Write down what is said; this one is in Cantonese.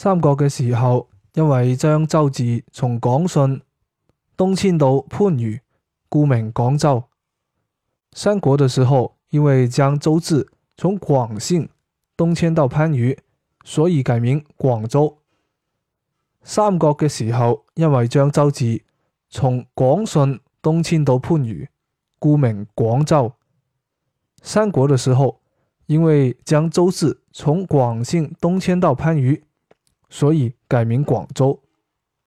三國嘅時候，因為將州治從廣信東遷到番禺，故名廣州。三國嘅時候，因為將州治從廣信東遷到番禺，所以改名廣州。三國嘅時候，因為將州治從廣信東遷到番禺，故名廣州。三國嘅時候，因為將州治從廣信東遷到番禺。所以改名廣州。